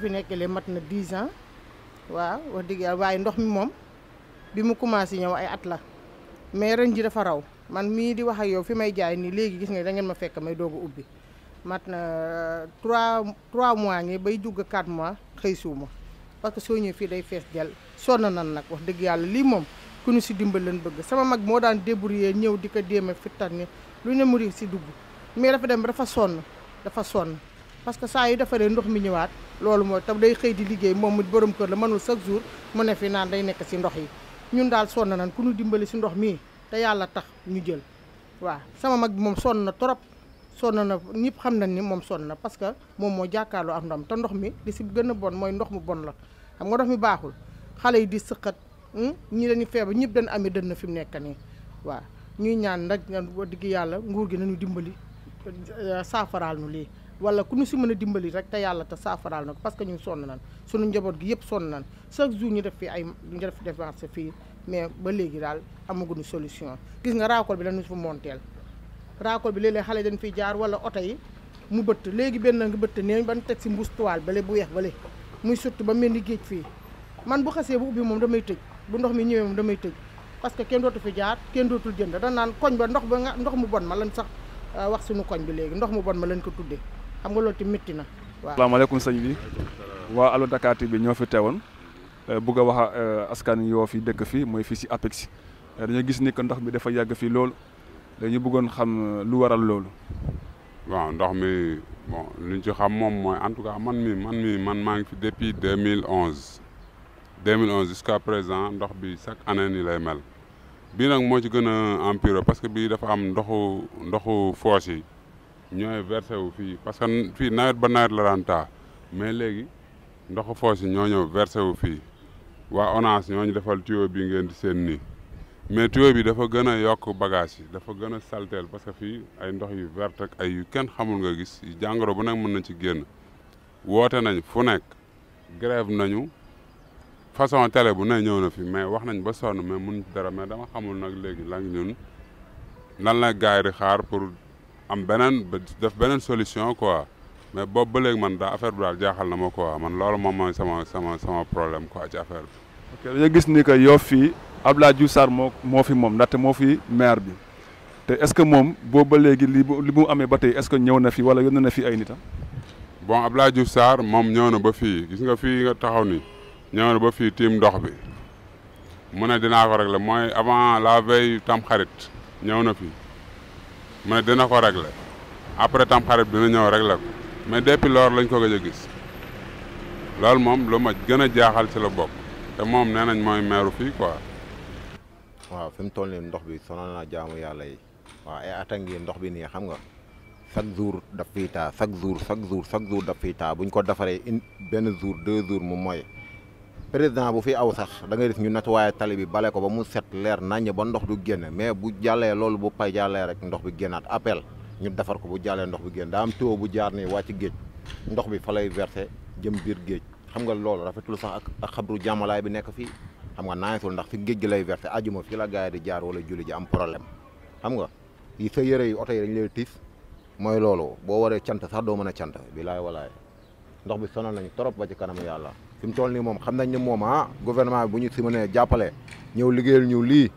fi nekkee lee mat na 10 ans waaw wax dëgg yàlla waaye ndox mi moom bi mu commencé ñëw ay at la mais ren ji dafa raw man mii di wax ak yow fi may jaay nii léegi gis nga da ngeen ma fekk may doog a ubbi mat na 3 euh, 3 mois ngi bay jugg 4 mois xëy suuma parce que soo ñëwee fii day fees jal sonn nan nag wax dëgg yàlla lii moom ku ñu si dimbal leen bëgg sama mag moo daan débrouiller ñëw di ko déeme fi tan ni lu ne mu si dugg mais dafa dem dafa sonn dafa sonn parce que saa yu defaree ndox mi ñëwaat loolu mooy tam day xëy di liggéey moom mu borom kër la mënul chaque jour mu ne fi naan day nekk si ndox yi ñun daal sonn nañ ku ñu dimbali si ndox mii te yàlla tax ñu jël waaw sama mag moom sonn na trop sonn na ñëpp xam nañ ni moom sonn na parce que moom moo jàkkaarloo am ndox te ndox mi li si gën a bon mooy ndox mu bon la xam nga ndox mi baaxul xale yi di sëqat hmm, ñi dañu feebar ñëpp dañu amee dënn fi mu nekk nii waaw ñuy ñaan nag digg yàlla nguur gi nañu dimbali saafaraal lii wala ku ñu si mën a dimbali rek te yàlla te saafaraal na ko parce que ñun sonn nan suñu njaboot gi yëpp sonn nan chaque jour ñu def fii ay ñu def dépense fii mais ba léegi daal amaguñu solution gis nga raakool bi dañu fa monteel bi léeg-léeg xale dañ fiy jaar wala oto mu bëtt léegi benn nga bëtt nee ban teg si mbuus toile bale bu weex bale muy sotti ba mel ni géej fii man bu xasee bu ubbi moom damay tëj bu ndox mi ñëwee moom damay tëj parce que kenn dootu fi jaar kenn dootul jënd da naan koñ ba ndox ba nga ndox mu bon ma lañ sax euh, wax suñu koñ bi léegi ndox mu bon ma lañ ko tuddee xam nga loolu ti métti na waaw salaamaaleykum sëñ bi waa allo Dakar TV bi ñoo fi teewoon eh, bugg a wax eh, askan yoo fi dëkk fii mooy fii si APEX eh, dañoo gis ni que ndox mi dafa yàgg fii lool dañu bëggoon xam lu waral loolu bon ndox mi bon lu ñu ci xam moom mooy en tout cas man mi man mi man maa ngi fi depuis 2011 2011 jusqu'à présent ndox bi chaque année ni lay mel bii nag moo ci gën a empiré parce que bii dafa am ndoxu ndoxu foos yi ñooy versé wu fii parce que fii nawet ba nawet la daan taa mais léegi ndoxu foos yi ñoo ñëw versé wu fii waa ONAS ñoo ñu defal tuyau bi ngeen di seen nii mais tuyau bi dafa gën a yokk bagage yi dafa gën a salteel parce que fii ay ndox yu vert ak ay yu kenn xamul nga gis yu jàngoro bu nekk mën nañ ci génn woote nañ fu nekk grève nañu façon télé bu ne ñëw na fi mais wax nañ ba sonn mais mun dara mais dama xamul nag léegi lan ñun lan la gaay di xaar pour. am beneen def beneen solution quoi mais boobu ba léegi man daa affaire bi daal jaaxal na ma quoi man loolu moom mooy sama sama sama problème quoi ci affaire bi. ok gis ni que Yoff fii Abdoulaye Diouf Sarr moo moo fi moom ndaxte moo fi maire bi te est-ce que moom boobu ba léegi li li mu amee ba tey est-ce que ñëw na fi wala yónn na fi ay nitam. bon Abdoulaye Diouf Sarr moom ñëw na ba fii gis nga fii nga taxaw ni ba fii tiim ndox bi mu ne dinaa ko le mooy avant la veille tam xarit ñëw na fi. mais dina ko régler après tam xarit bi ñëw régler ko mais depuis loolu lañ ko gëjë gis lool mom lu ma gëna jaaxal ci la bok té mom nenañ moy maire fi quoi. waaw fim mu ndox bi sonal naa jaamu yalla yi waaw ay atangi ndox bi ni xam nga chaque jour daf fiy taa chaque jour chaque jour chaque jour daf fiy taa buñ ko defaree une benn jour deux jours mu moy président bu fi aw sax da ngay def ñu nettoyé tali bi bale ko ba mu set leer naññ ba ndox du génn mais bu jàllee loolu bu pay jàllee rek ndox bi génnaat appel ñu defar ko bu jàllee ndox bi génn daa am tuyau bu jaar nii wàcc géej ndox bi fa lay versé jëm biir géej xam nga loolu rafetul sax ak ak xabru jàmmalaay bi nekk fii xam nga naagisul ndax fi géej gi lay versé ajuma fii la gars yi di jaar wala julli ji am problème xam nga yi sa yëre yi oto yi dañ lay tiis mooy loolu boo waree cant sax doo mën a cant bilaay walaay ndox bi sonal nañu trop ba ci yàlla fi mu toll nii moom xam nañ ne moom ah gouvernement bi bu ñu si mënee jàppale ñëw liggéeyal ñu lii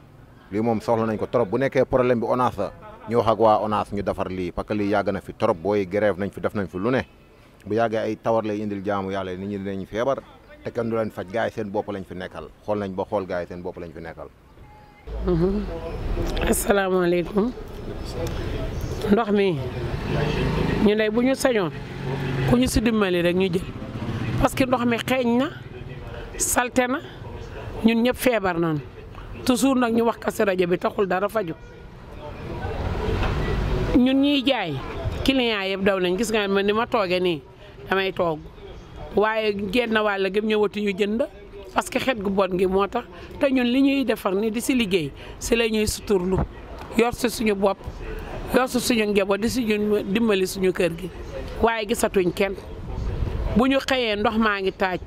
lii moom soxla nañ ko trop bu nekkee problème bi ONAS la ñu wax ak waa ONAS ñu defar lii parce que lii yàgg na fi trop booy grève nañ fi def nañ fi lu ne bu yàggee ay tawar lay indil jaamu yàlla ni ñu ñi ñu feebar te kenn du leen faj gars yi seen bopp lañ fi nekkal xool nañ ba xool gars yi seen bopp lañ fi nekkal. Mhm. asalaamaaleykum. ndox mi ñu ne bu ñu sañoon si rek ñu parce que ndox mi xeeñ na salte na ñun ñëpp feebar nañu toujours nag ñu wax Kazu Rajab bi taxul dara faju ñun ñiy jaay client yëpp daw nañ gis nga ni ma toogee nii damay toog waaye genn wàll gëm ñëwatu ñu jënd parce que xet gu bon gi moo tax te ñun li ñuy defar ni di si liggéey si la ñuy suturlu yor si suñu bopp yor si suñu njaboot di si dimbali suñu kër gi waaye gisatuñ kenn. bu ñu xëyee ndox maa ngi taaj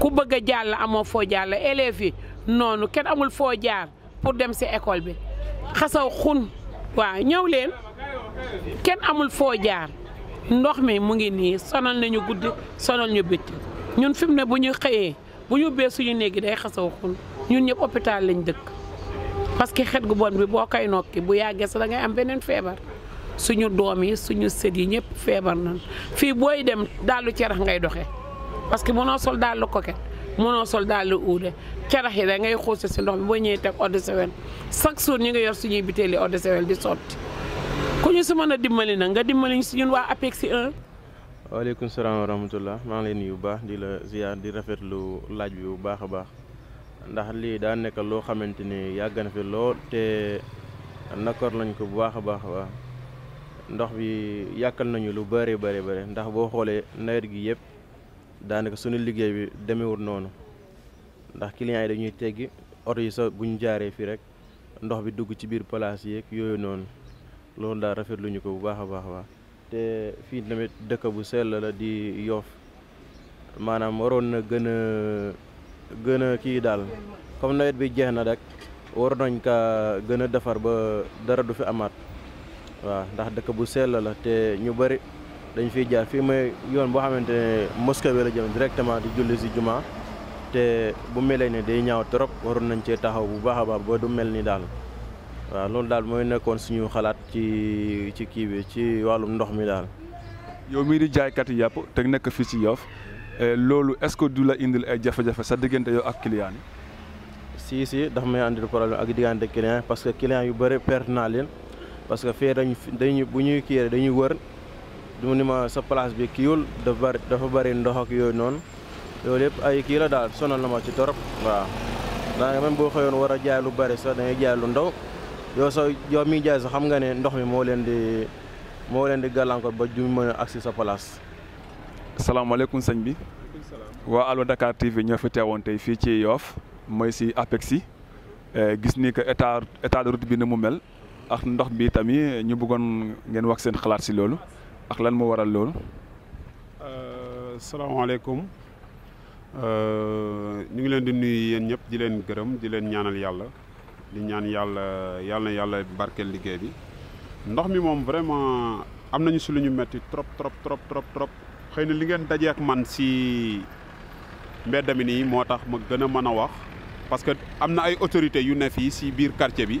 ku bëgg a jàll amoo foo jàll élèves noonu kenn amul foo jaar pour dem si école bi xasaw xun waaw ñëw leen kenn amul foo jaar ndox mi mu ngi nii sonal nañu guddi sonal ñu bitti ñun fi mu ne bu ñu xëyee bu ñu bee néeg néegi day xasaw xun ñun ñëpp hôpital lañ dëkk parce que xet gu bon bi boo koy nokki bu yàggee sa da ngay am beneen feebar suñu doom yi suñu set yi ñëpp feebar nañ fii booy dem daalu cerax ngay doxe parce que mënoo sol daalu koket mënoo sol daalu uude cerax yi da ngay xuuse si ndox mi boo ñëwee teg eau de Javel chaque jour ñu ngi yor suñuy butéeli eau de Javel di sotti ku ñu si mën a dimbali na nga dimbali ñu si ñun waa APEX 1. waaleykum salaam wa rahmatullah maa ngi leen nuyu bu baax di la ziar di rafetlu laaj bi bu baax a baax ndax lii daa nekk loo xamante ni yàgg na fi lool te nakor lañ ko bu baax a baax a baax. ndox bi yàkkal nañu lu bëree bëri bëri ndax boo xoolee nawet gi yëpp daanaka suñu liggéey bi demewul noonu ndax clients yi dañuy teggi oto yi sax bu ñu jaaree fii rek ndox bi dugg ci biir palaas yeeg yooyu noonu loolu daal rafetlu ñu ko bu baax a baax a baax te fii tamit dëkk bu sell la di yoof maanaam waroon na gën a gën a kii daal comme nawet bi jeex na rek war nañ kaa gën a defar ba dara du fi amaat. waaw ndax dëkk bu sell la te ñu bëri dañ fiy jaar fii mooy yoon boo xamante ne mosquée bi la jëm directement di julli si jumaa te bu melee ne day ñaaw trop waroon nañ cee taxaw bu baax a baax ba du mel ni daal waaw loolu daal mooy nekkoon suñu xalaat ci ci kii bi ci wàllum ndox mi daal. yow mii di jaaykat yi yàpp te nekk fii ci Yoff eh, loolu est-ce que du la indil ay jafe-jafe sa diggante yow ak client yi. si si dafa may andil problème ak diggante client parce que client yu bëri perte naa leen. parce que fee dañ dañu bu ñuy kiire dañuy wër du ni ma sa place bi kiiwul dafa bari dafa bari ndox ak yooyu noonu loolu yëpp ay kii la daal sonal na ma ci torop waaw daanaka même boo xëyoon war a jaay lu bari sax da jaay lu ndaw yow sa yow miy jaay sax xam nga ne ndox mi moo leen di moo leen di gàllankoor ba du mën a agsi sa place. salaamaaleykum sëñ bi. waa Allo Dakar TV ñoo fi teewoon tey fii ci yoof mooy si APEXI eh, gis ni que état état ak ndox bi tammi ñu bëggoon ngeen wax seen xalaat ci loolu ak lan mo waral loolu. Euh, euh ñu ngi leen di nuyu yeen ñep di leen gërëm di leen ñaanal yalla di ñaan yalla yalla yalla barkel liggéey bi ndox mi mom vraiment am nañu si metti trop trop trop trop trop xeyna li ngeen dajé ak man si mbedd ni motax ma gëna mëna wax parce que amna ay autorité yu ne fi si biir quartier bi.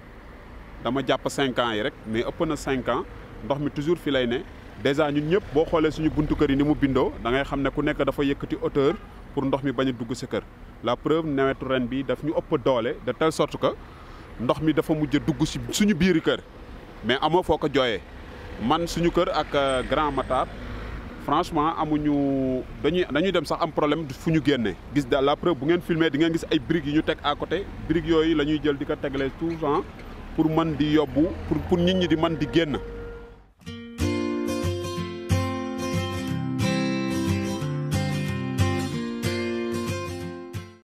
dama japp 5 ans yi rek mais ëpp na 5 ans ndox mi toujours fi lay ne déjà ñun ñëpp bo xolé suñu buntu kër yi ni mu bindo da ngay xamné ku nekk dafa yëkëti auteur pour ndox mi baña dugg sa kër la preuve nawetu ren bi daf ñu ëpp doolé de telle sorte que ndox mi dafa mujj dugg ci suñu biir kër mais amo foko joyé man suñu kër ak euh, Grand Matar franchement amuñu dañuy dañuy dem sax am problème fu ñu génnee gis daal la preuve bu ngeen filmer di ngeen gis ay briques yi ñu tek à côté briques yoy lañuy jël di ko tegle tout le temps pour mën di yóbbu pour pour nit ñi di man di génn.